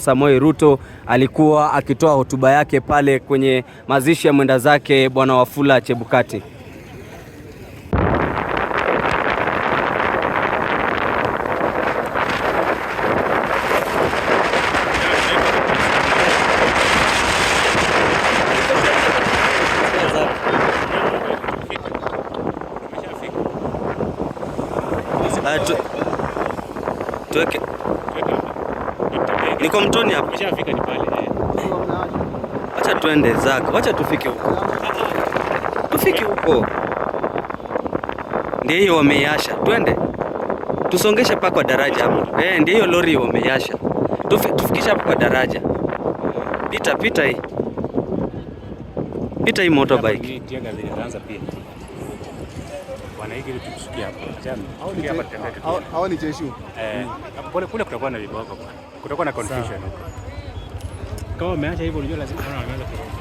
Samoei Ruto alikuwa akitoa hotuba yake pale kwenye mazishi ya mwenda zake Bwana Wafula Chebukati. Ukishafika ni pale. Eh. Acha tuende zako, acha tufike huko, tufike huko. Ndio hiyo wameyasha. twende tusongeshe pa kwa daraja hapo. Eh, ndio hiyo lori wameyasha. tufikisha hapo kwa daraja. Pita pita hii pita hii motorbike kutakuwa na confusion huko. Kama umeacha hivyo unajua lazima anaanza kurudi.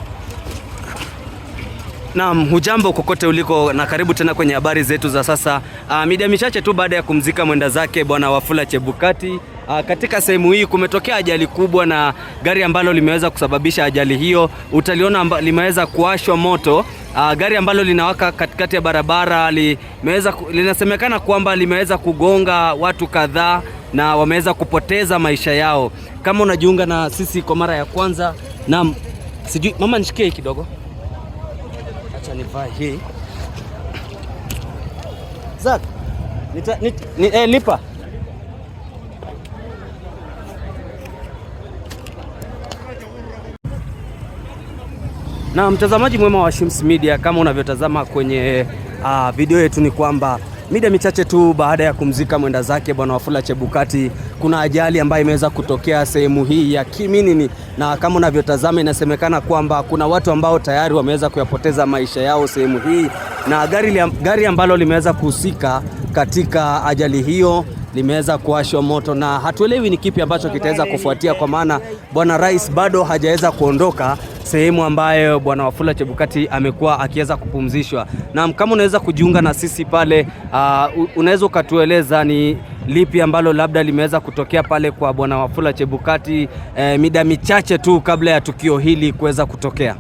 Naam, hujambo kokote uliko na karibu tena kwenye habari zetu za sasa. Uh, mida michache tu baada ya kumzika mwenda zake Bwana Wafula Chebukati Uh, katika sehemu hii kumetokea ajali kubwa na gari ambalo limeweza kusababisha ajali hiyo utaliona limeweza kuashwa moto. Uh, gari ambalo linawaka katikati ya barabara limeweza, linasemekana kwamba limeweza kugonga watu kadhaa na wameweza kupoteza maisha yao. Kama unajiunga na sisi kwa mara ya kwanza, na sijui mama, nishikie kidogo, acha nivae hii Zak, nita, nita, nita, eh, nita, nita. Na mtazamaji mwema wa Shims Media, kama unavyotazama kwenye uh, video yetu ni kwamba mida michache tu baada ya kumzika mwenda zake bwana Wafula Chebukati, kuna ajali ambayo imeweza kutokea sehemu hii ya Kiminini, na kama unavyotazama inasemekana kwamba kuna watu ambao tayari wameweza kuyapoteza maisha yao sehemu hii, na gari, gari ambalo limeweza kuhusika katika ajali hiyo limeweza kuwashwa moto na hatuelewi ni kipi ambacho kitaweza kufuatia, kwa maana bwana rais bado hajaweza kuondoka sehemu ambayo bwana Wafula Chebukati amekuwa akiweza kupumzishwa. Naam, kama unaweza kujiunga na sisi pale, uh, unaweza ukatueleza ni lipi ambalo labda limeweza kutokea pale kwa bwana Wafula Chebukati eh, mida michache tu kabla ya tukio hili kuweza kutokea.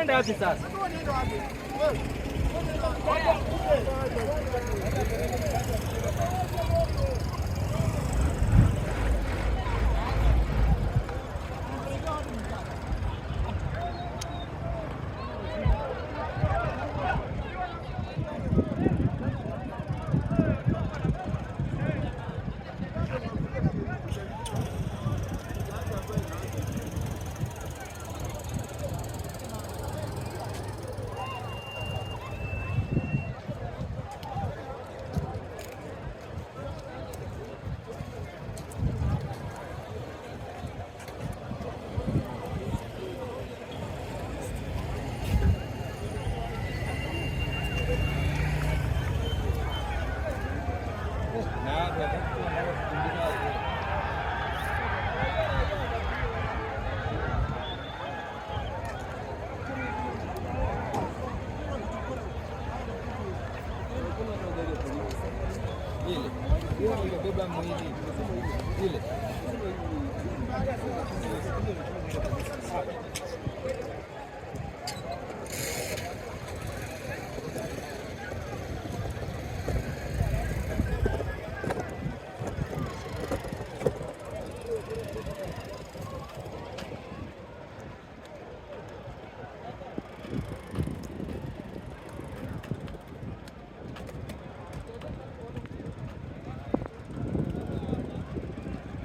Tunaenda wapi sasa? problema muito.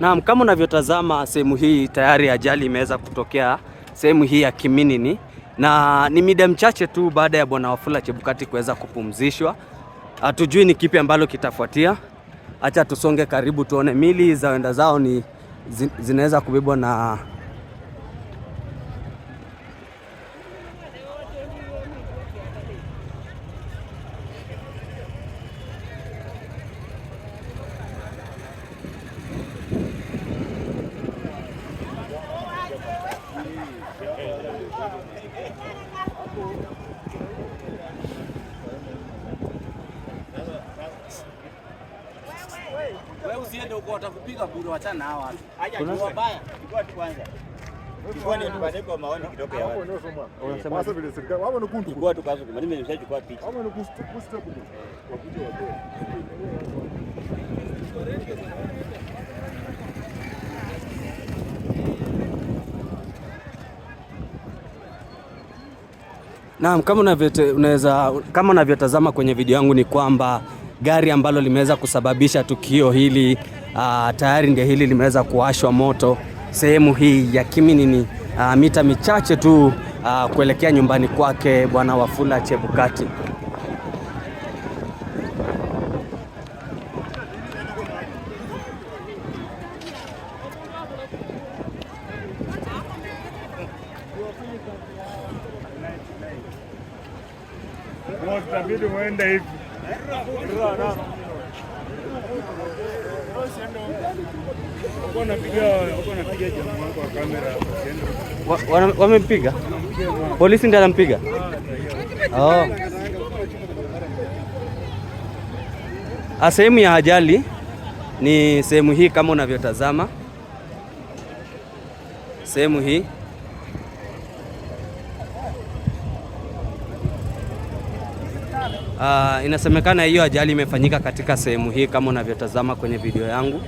Naam, kama unavyotazama sehemu hii tayari ajali imeweza kutokea sehemu hii ya Kiminini na ni mida mchache tu baada ya Bwana Wafula Chebukati kuweza kupumzishwa. Hatujui ni kipi ambalo kitafuatia. Acha tusonge karibu tuone mili za wenda zao ni zinaweza kubebwa na usiende huko, watakupiga bure. Wachana hao watu, wabaya kwanza Naam, kama unavyotazama kwenye video yangu ni kwamba gari ambalo limeweza kusababisha tukio hili uh, tayari ndio hili limeweza kuwashwa moto sehemu hii ya Kiminini uh, ah, mita michache tu uh, kuelekea nyumbani kwake Bwana Wafula Chebukati. Itabidi uende hivi Wamempiga polisi, ndi anampiga ah, oh. ah, sehemu ya ajali. Ni sehemu hii kama unavyotazama, sehemu hii Uh, inasemekana hiyo ajali imefanyika katika sehemu hii kama unavyotazama kwenye video yangu.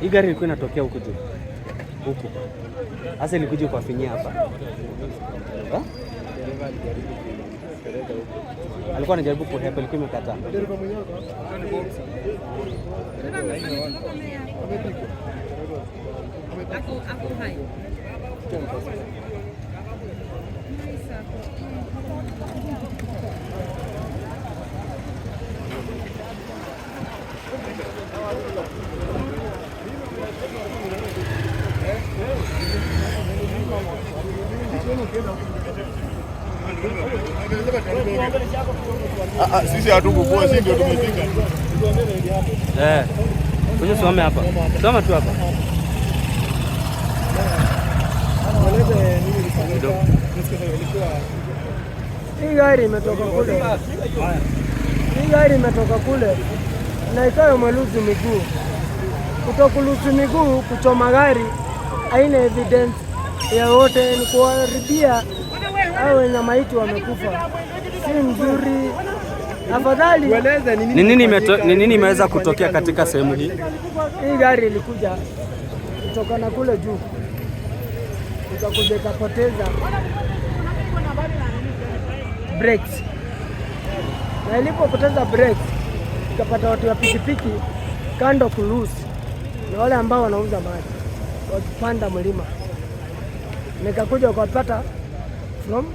Hii gari ilikuwa inatokea huko juu huko, hasa ilikuja kuafinyia hapa. Alikuwa anajaribu kuhepa, ilikuwa imekataa. Ah, ah, sisi hatukukua, sisi ndio tumefika. Eh. Kuja some hapa. Soma tu hapa. Hii gari imetoka kule. Hii gari imetoka kule na ikayo mweluzi miguu, kutokurusu miguu kuchoma gari haina evidence ya wote ni kuwaribia awe na maiti wamekufa, si mzuri. Afadhali ni nini imeweza kutokea katika sehemu hii? Hii gari ilikuja kutoka na kule juu ikakuja ikapoteza brakes, na ilipopoteza brakes ikapata watu wa pikipiki kando kulusi, na wale ambao wanauza maji wakipanda mlima nikakuja ukawapata from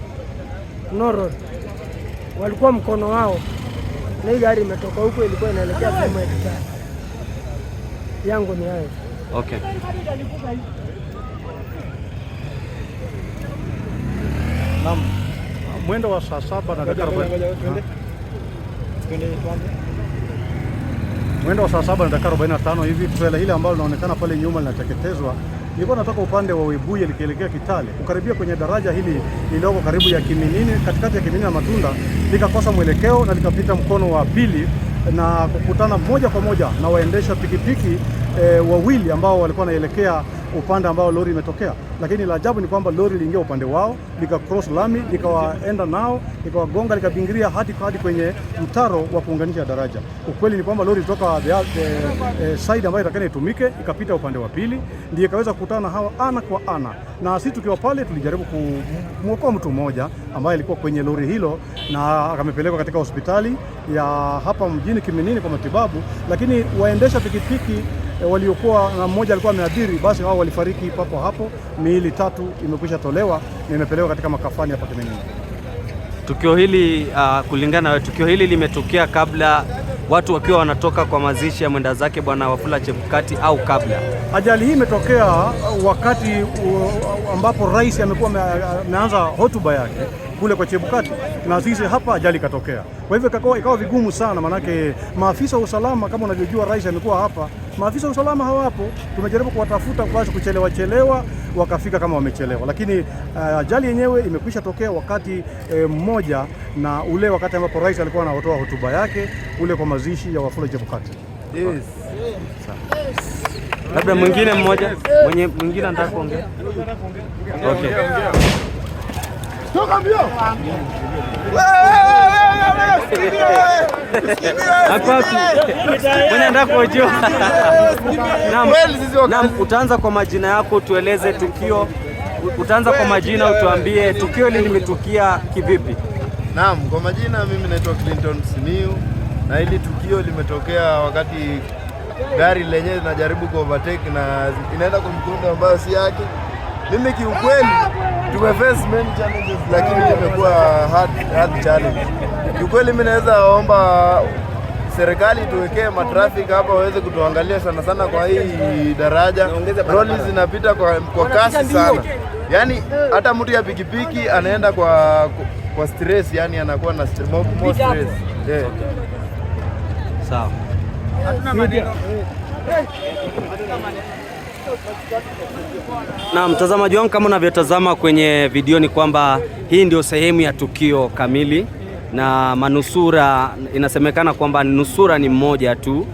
Noro, walikuwa mkono wao, na hii gari imetoka huko, ilikuwa inaelekea from Edgar. Yangu ni hayo. Okay. Naam, mwendo wa saa saba na dakika mwendo wa saa saba na dakika 45 hivi trela ile ambayo linaonekana pale nyuma linateketezwa nilikuwa natoka upande wa Webuye likielekea Kitale, kukaribia kwenye daraja hili lililoko karibu ya Kiminini, katikati ya Kiminini na Matunda, likakosa mwelekeo na likapita mkono wa pili na kukutana moja kwa moja na waendesha pikipiki e, wawili ambao walikuwa wanaelekea upande ambao lori imetokea lakini la ajabu ni kwamba lori liingia upande wao lika cross lami likawaenda nao likawagonga likabingiria hadi hadi kwenye mtaro wa kuunganisha daraja. Ukweli ni kwamba lori ilitoka eh, eh, side ambayo itakana itumike ikapita upande wa pili, ndiye ikaweza kukutana hawa ana kwa ana, na sisi tukiwa pale tulijaribu kumwokoa mtu mmoja ambaye alikuwa kwenye lori hilo na akamepelekwa katika hospitali ya hapa mjini Kiminini kwa matibabu, lakini waendesha pikipiki Eh, waliokuwa na mmoja alikuwa ameathiri, basi hao walifariki papo hapo. Miili tatu imekwisha tolewa na imepelekwa katika makafani hapa Kiminini. Tukio hili uh, kulingana na tukio hili limetokea kabla watu wakiwa wanatoka kwa mazishi ya mwenda zake Bwana Wafula Chebukati au kabla. Ajali hii imetokea wakati ambapo rais amekuwa ameanza hotuba yake kule kwa Chebukati na sisi hapa ajali ikatokea. Kwa hivyo ikawa vigumu sana, manake maafisa wa usalama kama unavyojua, rais amekuwa hapa Maafisa wa usalama hawapo, tumejaribu kuwatafuta kwa kuchelewa chelewa, wakafika kama wamechelewa, lakini uh, ajali yenyewe imekwisha tokea wakati eh, mmoja na ule wakati ambapo rais alikuwa anatoa hotuba yake ule kwa mazishi ya Wafula Chebukati. Yes. Yes. Yes. Labda mwingine mmoja mwenye mwingine anataka kuongea. Okay. Toka mbio. Naam, utaanza kwa majina yako, tueleze tukio. Utaanza kwa majina, utuambie tukio hili limetukia kivipi? Naam, kwa majina, mimi naitwa Clinton Simiu na hili tukio limetokea wakati gari lenyewe linajaribu kuovertake na inaenda kwa mkondo ambayo si yake. Mimi kiukweli tumeface many challenges lakini imekuwa hard, hard challenge. Kiukweli mimi naweza omba serikali tuwekee matrafiki hapa waweze kutuangalia sana sana kwa hii daraja. Roli zinapita kwa, kwa kasi sana, yaani hata mtu ya pikipiki anaenda kwa, kwa stress, yani anakuwa na stress, more, more stress. Yeah. Sawa. Hatuna maneno. Eh. Hatuna maneno. Na mtazamaji wangu, kama unavyotazama kwenye video, ni kwamba hii ndio sehemu ya tukio kamili, na manusura inasemekana kwamba nusura ni mmoja tu,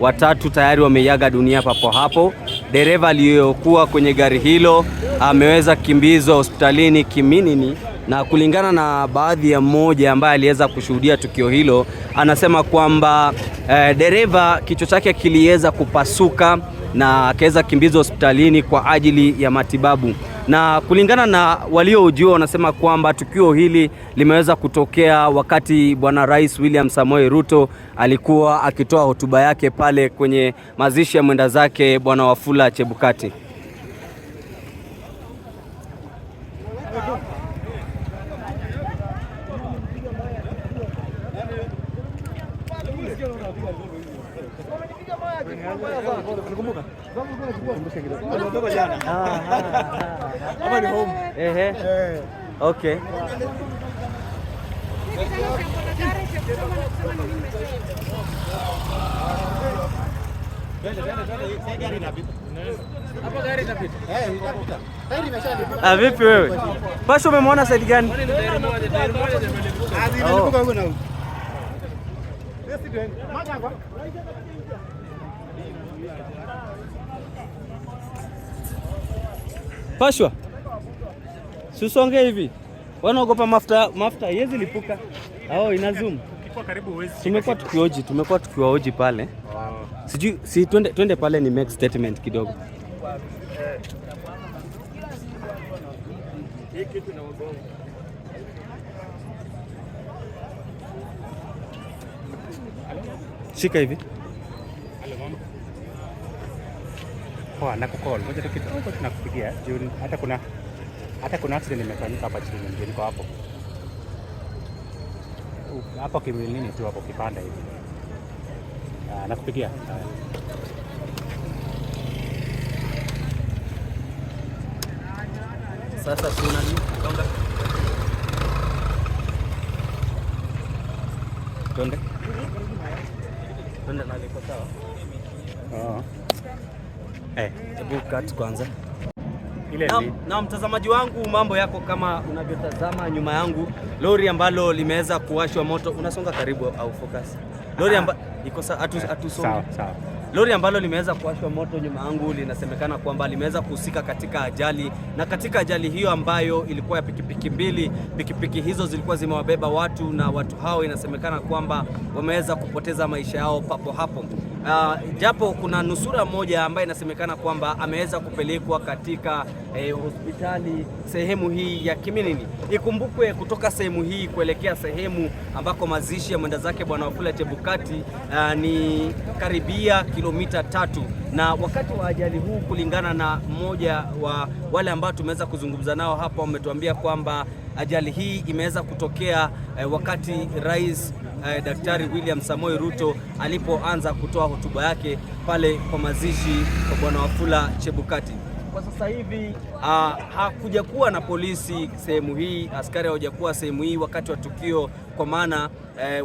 watatu tayari wameaga dunia papo hapo. Dereva aliyokuwa kwenye gari hilo ameweza kimbizwa hospitalini Kiminini, na kulingana na baadhi ya mmoja ambaye aliweza kushuhudia tukio hilo, anasema kwamba eh, dereva kichwa chake kiliweza kupasuka na akaweza kimbizwa hospitalini kwa ajili ya matibabu na kulingana na waliojua wanasema kwamba tukio hili limeweza kutokea wakati Bwana Rais William Samoei Ruto alikuwa akitoa hotuba yake pale kwenye mazishi ya mwenda zake Bwana Wafula Chebukati. Okay. Ah, vipi wewe? Pasha umemwona side gani? Pashwa. Oh. Susonge hivi. Wanaogopa mafuta, mafuta yezi lipuka ao ina zoom. Tumekuwa tukioji, tumekuwa tukiwaoji pale. Oh. Sijui si twende, twende pale ni make statement kidogo. Shika hivi. Poa, nakukol. Moja tu kidogo tunakupigia. Hata kuna hata kuna accident imefanyika hapa chini, niko hapo hapo kimilini tu hapo kipanda hivi. Ah, Nakupigia sasa Tuna Tonde. Tonde na liko sawa. Oh. Eh, hebu cut kwanza na, na mtazamaji wangu, mambo yako kama unavyotazama nyuma yangu, lori ambalo limeweza kuwashwa moto. Unasonga karibu au focus. Lori ah. ambalo iko eh, sawa sawa. Lori ambalo limeweza kuwashwa moto nyuma yangu linasemekana kwamba limeweza kuhusika katika ajali, na katika ajali hiyo ambayo ilikuwa ya pikipiki mbili, pikipiki hizo zilikuwa zimewabeba watu na watu hao inasemekana kwamba wameweza kupoteza maisha yao papo hapo. Uh, japo kuna nusura moja ambaye inasemekana kwamba ameweza kupelekwa katika eh, hospitali sehemu hii ya Kiminini. Ikumbukwe kutoka sehemu hii kuelekea sehemu ambako mazishi ya mwenda zake Bwana Wafula Chebukati uh, ni karibia kilomita tatu, na wakati wa ajali huu, kulingana na mmoja wa wale ambao tumeweza kuzungumza nao hapa, wametuambia kwamba ajali hii imeweza kutokea eh, wakati rais eh, Daktari William Samoei Ruto alipoanza kutoa hotuba yake pale kwa mazishi kwa Bwana Wafula Chebukati. Kwa sasa hivi ah, hakuja kuwa na polisi sehemu hii, askari hawajakuwa sehemu hii wakati wa tukio kwa maana eh,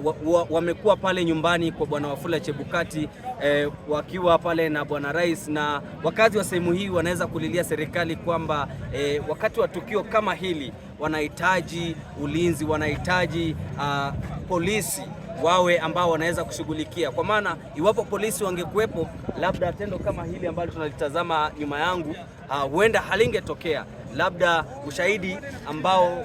wamekuwa wa, wa pale nyumbani kwa bwana Wafula Chebukati eh, wakiwa pale na bwana rais, na wakazi wa sehemu hii wanaweza kulilia serikali kwamba eh, wakati wa tukio kama hili wanahitaji ulinzi, wanahitaji uh, polisi wawe ambao wanaweza kushughulikia, kwa maana iwapo polisi wangekuwepo, labda tendo kama hili ambalo tunalitazama nyuma yangu ah, huenda uh, halingetokea, labda ushahidi ambao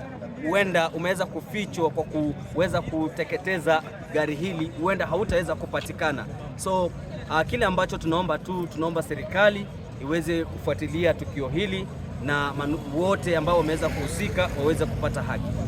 huenda umeweza kufichwa kwa kuweza kuteketeza gari hili, huenda hautaweza kupatikana. So uh, kile ambacho tunaomba tu, tunaomba serikali iweze kufuatilia tukio hili na wote ambao wameweza kuhusika waweze kupata haki.